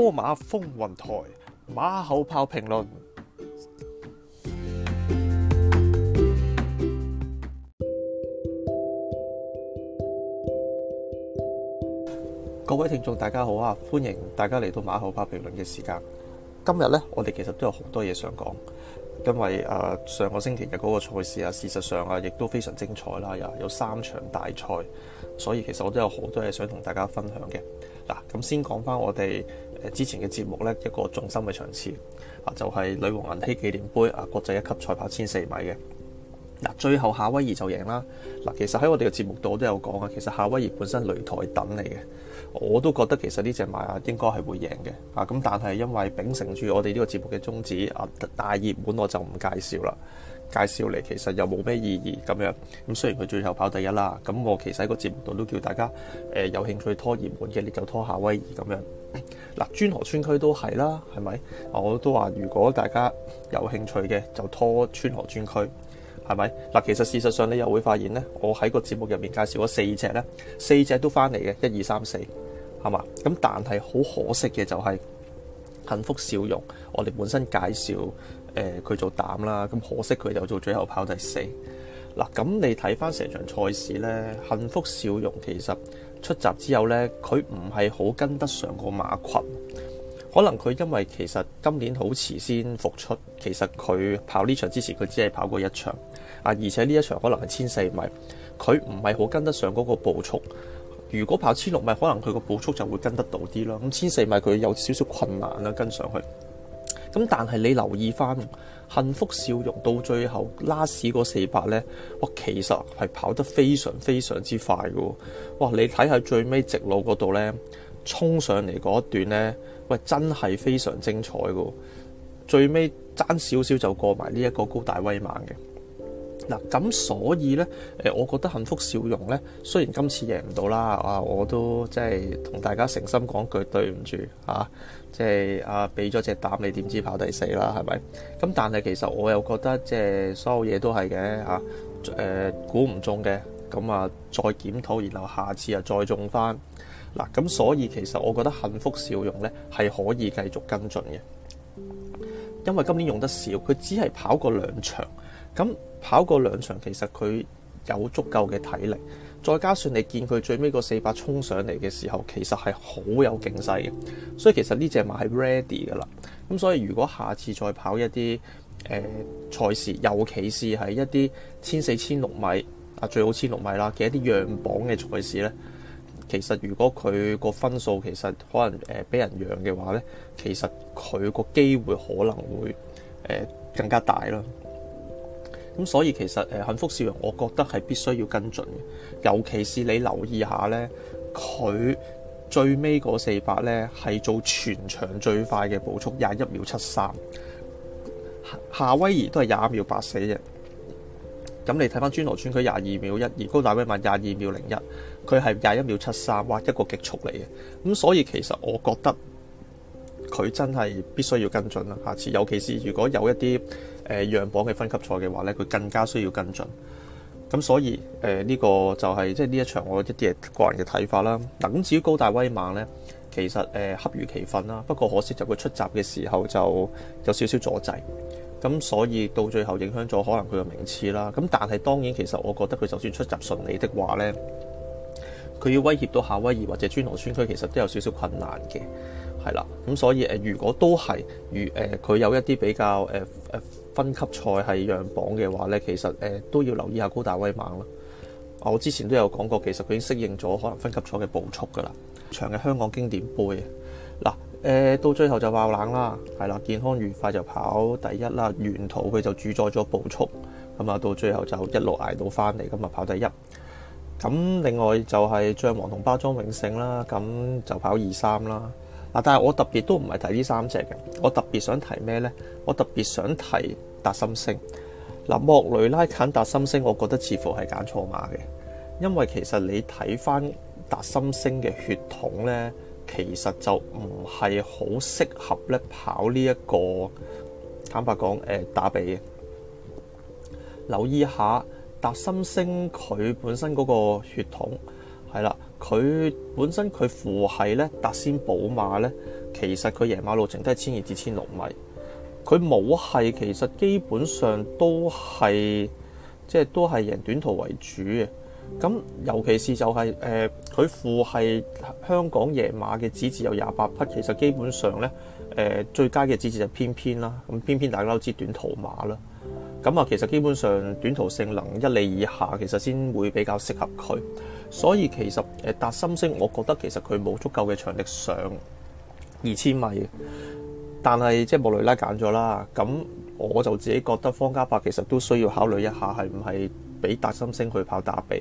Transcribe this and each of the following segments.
波馬風雲台，馬後炮評論。各位聽眾大家好啊，歡迎大家嚟到馬後炮評論嘅時間。今日呢，我哋其實都有好多嘢想講，因為誒上個星期嘅嗰個賽事啊，事實上啊亦都非常精彩啦，又有三場大賽，所以其實我都有好多嘢想同大家分享嘅。嗱，咁先講翻我哋。之前嘅節目呢，一個重心嘅場次啊，就係、是、女皇銀禧紀念盃啊，國際一級賽跑千四米嘅嗱、啊，最後夏威夷就贏啦嗱、啊。其實喺我哋嘅節目度我都有講啊，其實夏威夷本身擂台等嚟嘅，我都覺得其實呢隻馬應該係會贏嘅啊。咁但係因為秉承住我哋呢個節目嘅宗旨啊，大熱門我就唔介紹啦。介紹嚟其實又冇咩意義咁樣，咁雖然佢最後跑第一啦，咁我其實喺個節目度都叫大家誒、呃、有興趣拖熱門嘅，你就拖夏威夷咁樣。嗱，川河尊駒都係啦，係咪？我都話如果大家有興趣嘅，就拖川河尊駒，係咪？嗱，其實事實上你又會發現呢，我喺個節目入面介紹咗四隻呢，四隻都翻嚟嘅，一二三四，係嘛？咁但係好可惜嘅就係、是、幸福笑容，我哋本身介紹。誒佢、呃、做膽啦，咁可惜佢就做最後跑第四。嗱、啊，咁你睇翻成場賽事呢，幸福笑容其實出閘之後呢，佢唔係好跟得上個馬群。可能佢因為其實今年好遲先復出，其實佢跑呢場之前佢只係跑過一場啊，而且呢一場可能係千四米，佢唔係好跟得上嗰個步速。如果跑千六米，可能佢個步速就會跟得到啲啦。咁千四米佢有少少困難啦、啊，跟上去。咁但係你留意翻，幸福笑容到最後拉屎嗰四百呢，哇，其實係跑得非常非常之快嘅。哇，你睇下最尾直路嗰度呢，衝上嚟嗰一段呢，喂，真係非常精彩嘅。最尾爭少少就過埋呢一個高大威猛嘅。嗱，咁、啊、所以呢，誒，我覺得幸福笑容呢，雖然今次贏唔到啦，啊，我都即係同大家誠心講句對唔住，嚇，即係啊，俾咗、啊、隻膽你點知跑第四啦，係咪？咁、啊、但係其實我又覺得即係所有嘢都係嘅，嚇、啊，誒、呃，估唔中嘅，咁啊，再檢討，然後下次又再中翻。嗱、啊，咁所以其實我覺得幸福笑容呢，係可以繼續跟進嘅，因為今年用得少，佢只係跑過兩場。咁跑過兩場，其實佢有足夠嘅體力，再加上你見佢最尾個四百衝上嚟嘅時候，其實係好有勁勢嘅，所以其實呢隻馬係 ready 噶啦。咁所以如果下次再跑一啲誒賽事，尤其是係一啲千四千六米啊，最好千六米啦嘅一啲讓磅嘅賽事咧，其實如果佢個分數其實可能誒俾人讓嘅話咧，其實佢個機會可能會誒、呃、更加大咯。咁所以其實誒幸福笑容，我覺得係必須要跟進嘅，尤其是你留意下呢，佢最尾嗰四百呢，係做全場最快嘅步速廿一秒七三，夏威夷都係廿一秒八四嘅。咁你睇翻磚羅村，佢廿二秒一，而高大威慢廿二秒零一，佢係廿一秒七三，哇，一個極速嚟嘅。咁所以其實我覺得佢真係必須要跟進啦。下次，尤其是如果有一啲。誒讓磅嘅分級賽嘅話呢，佢更加需要跟進。咁所以誒呢、呃呢個就係、係、即係呢一場我一啲嘅個人嘅睇法啦。至於高大威猛呢，其實誒、呃、恰如其分啦。不過可惜就佢出閘嘅時候就，就有少少阻滯。咁所以到最後影響咗可能佢嘅名次啦。咁但係當然其實我覺得佢就算出閘順利的話呢，佢要威脅到夏威夷或者尊羅村區其實都有少少困難嘅，係啦。咁所以誒、呃、如果都係如誒佢、呃、有一啲比較誒誒。呃呃呃分級賽係讓磅嘅話呢，其實誒、呃、都要留意下高大威猛咯。我之前都有講過，其實佢已經適應咗可能分級賽嘅步速噶啦。長嘅香港經典杯嗱誒、呃，到最後就爆冷啦，係啦，健康愉快就跑第一啦。沿途佢就主宰咗步速，咁、嗯、啊到最後就一路捱到翻嚟，咁、嗯、啊跑第一。咁另外就係將王同包裝永勝啦，咁就跑二三啦。嗱，但係我特別都唔係睇呢三隻嘅，我特別想提咩呢？我特別想提達心星。嗱，莫雷拉揀達心星，我覺得似乎係揀錯馬嘅，因為其實你睇翻達心星嘅血統呢，其實就唔係好適合咧跑呢、這、一個，坦白講，誒、呃、打比留意下達心星佢本身嗰個血統，係啦。佢本身佢父系咧達仙寶馬咧，其實佢贏馬路程都係千二至千六米，佢母系其實基本上都係即係都係贏短途為主嘅。咁尤其是就係誒佢父系香港贏馬嘅子嗣有廿八匹，其實基本上咧誒、呃、最佳嘅子嗣就偏偏啦，咁偏偏大家都知短途馬啦。咁啊，其實基本上短途性能一哩以下，其實先會比較適合佢。所以其實誒達心星，我覺得其實佢冇足夠嘅長力上二千米，但係即係莫雷拉揀咗啦。咁我就自己覺得方嘉柏其實都需要考慮一下，係唔係俾達心星去跑打比？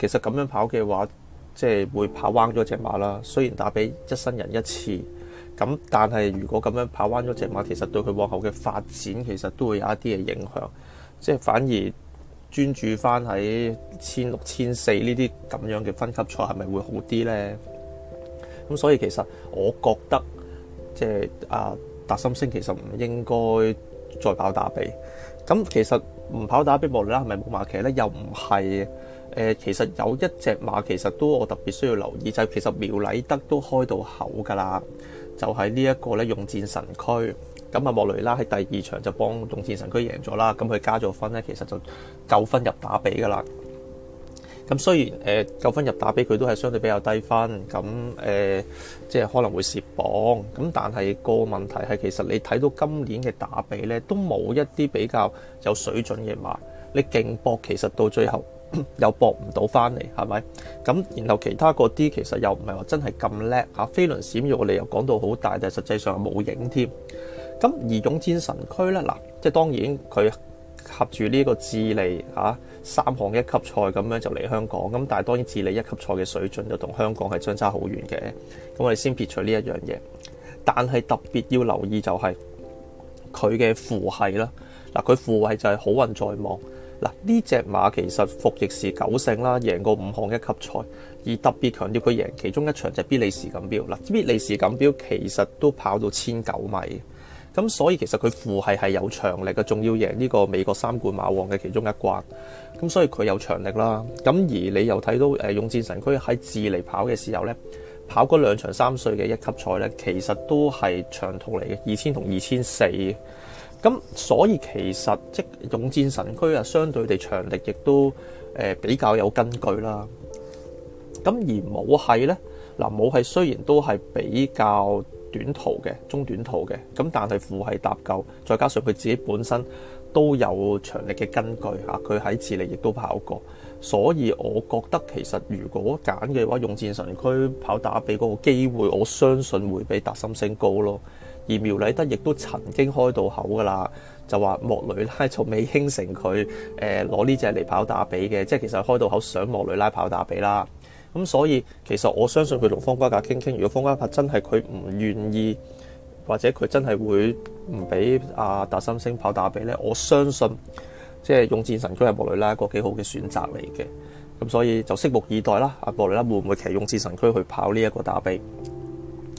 其實咁樣跑嘅話，即係會跑彎咗隻馬啦。雖然打比一生人一次，咁但係如果咁樣跑彎咗隻馬，其實對佢往後嘅發展其實都會有一啲嘅影響，即係反而，專注翻喺千六千四呢啲咁樣嘅分級賽係咪會好啲呢？咁所以其實我覺得即係啊達心星其實唔應該再跑打比。咁其實唔跑打比無啦，係咪冇馬騎呢？又唔係誒，其實有一隻馬其實都我特別需要留意，就係、是、其實苗禮德都開到口㗎啦。就喺呢一個咧，用戰神區咁啊，莫雷拉喺第二場就幫用戰神區贏咗啦。咁佢加咗分咧，其實就九分入打比㗎喇。咁雖然誒九分入打比，佢都係相對比較低分咁誒、呃，即係可能會蝕榜咁。但係個問題係，其實你睇到今年嘅打比咧，都冇一啲比較有水準嘅馬，你勁搏其實到最後。 又搏唔到翻嚟，係咪？咁，然後其他嗰啲其實又唔係話真係咁叻嚇。飛輪閃耀我哋又講到好大，但係實際上係冇影添。咁而勇戰神區呢，嗱，即係當然佢合住呢個智利嚇、啊、三項一級賽咁樣就嚟香港，咁但係當然智利一級賽嘅水準就同香港係相差好遠嘅。咁我哋先撇除呢一樣嘢，但係特別要留意就係佢嘅父系啦。嗱，佢父系就係好運在望。嗱，呢隻馬其實服役時九勝啦，贏過五項一級賽，而特別強調佢贏其中一場就係比利時錦標。嗱，比利時錦標其實都跑到千九米，咁所以其實佢父係係有長力嘅，仲要贏呢個美國三冠馬王嘅其中一關，咁所以佢有長力啦。咁而你又睇到誒勇戰神區喺智利跑嘅時候呢，跑嗰兩場三歲嘅一級賽呢，其實都係長途嚟嘅，二千同二千四。咁所以其實，即勇戰神區啊，相對地長力亦都誒、呃、比較有根據啦。咁而母系呢，嗱母系雖然都係比較短途嘅、中短途嘅，咁但係父系搭救，再加上佢自己本身都有長力嘅根據嚇，佢喺智利亦都跑過，所以我覺得其實如果揀嘅話，勇戰神區跑打俾嗰個機會，我相信會比達心升高咯。而苗禮德亦都曾經開到口㗎啦，就話莫雷拉就未應承佢誒攞呢隻嚟跑打比嘅，即係其實開到口想莫雷拉跑打比啦。咁、嗯、所以其實我相信佢同方嘉柏傾傾，如果方嘉柏真係佢唔願意，或者佢真係會唔俾阿達三星跑打比咧，我相信即係勇戰神區係莫雷拉一個幾好嘅選擇嚟嘅。咁、嗯、所以就拭目以待啦，阿、啊、莫雷拉會唔會騎勇戰神區去跑呢一個打比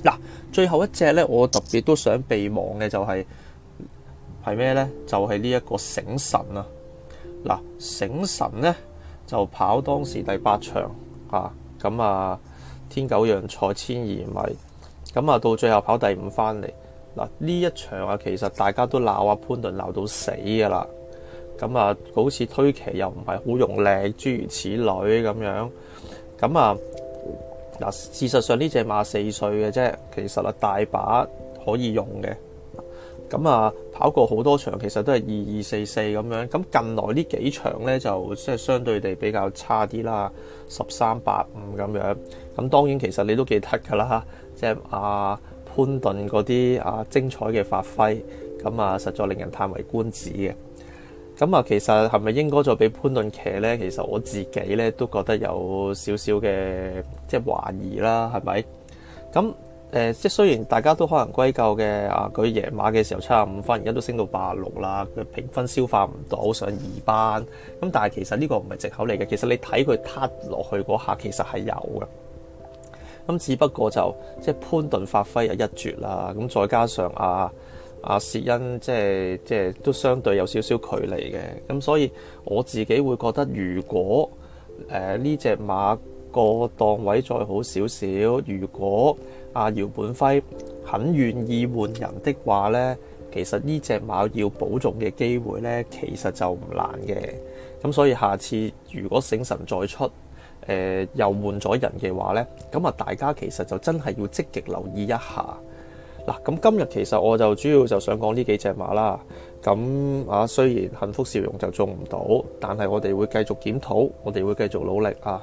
嗱？啊最後一隻咧，我特別都想備忘嘅就係係咩咧？就係呢一個醒神啊！嗱、啊，醒神咧就跑當時第八場啊，咁啊天九讓賽千二米，咁啊到最後跑第五翻嚟。嗱、啊、呢一場啊，其實大家都鬧啊潘頓鬧到死噶啦，咁啊好似推騎又唔係好用力諸如此類咁樣，咁啊。啊嗱，事實上呢隻馬四歲嘅啫，其實啊大把可以用嘅，咁啊跑過好多場，其實都係二二四四咁樣，咁近來呢幾場咧就即係相對地比較差啲啦，十三八五咁樣，咁當然其實你都記得㗎啦，即係阿、啊、潘頓嗰啲啊精彩嘅發揮，咁啊實在令人歎為觀止嘅。咁啊，其實係咪應該再俾潘頓騎呢？其實我自己呢，都覺得有少少嘅即係懷疑啦，係咪？咁誒、呃，即係雖然大家都可能歸咎嘅啊，佢贏馬嘅時候七十五分，而家都升到八十六啦，佢評分消化唔到上二班。咁但係其實呢個唔係藉口嚟嘅，其實你睇佢撻落去嗰下，其實係有嘅。咁只不過就即係潘頓發揮又一絕啦。咁再加上啊～阿薛恩即係即係都相對有少少距離嘅，咁所以我自己會覺得如、呃點點，如果誒呢隻馬個檔位再好少少，如果阿姚本輝肯願意換人嘅話呢，其實呢隻馬要保重嘅機會呢，其實就唔難嘅。咁所以下次如果醒神再出，誒、呃、又換咗人嘅話呢，咁啊，大家其實就真係要積極留意一下。咁今日其實我就主要就想講呢幾隻馬啦。咁啊，雖然幸福笑容就做唔到，但係我哋會繼續檢討，我哋會繼續努力啊。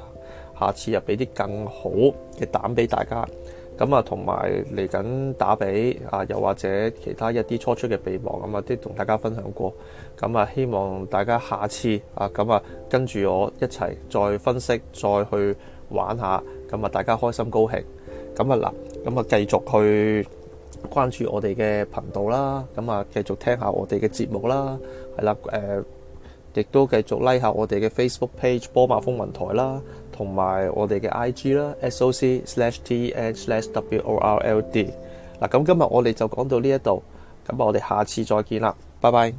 下次又俾啲更好嘅膽俾大家。咁啊，同埋嚟緊打比啊，又或者其他一啲初出嘅備忘咁啊，都同大家分享過。咁啊，希望大家下次啊，咁啊跟住我一齊再分析，再去玩下。咁啊，大家開心高興。咁啊，嗱，咁啊，繼續去。關注我哋嘅頻道啦，咁啊繼續聽下我哋嘅節目啦，係啦，誒亦都繼續 like 下我哋嘅 Facebook page 波馬風雲台啦，同埋我哋嘅 IG 啦，SOC slash ten slash world。嗱，咁今日我哋就講到呢一度，咁我哋下次再見啦，拜拜。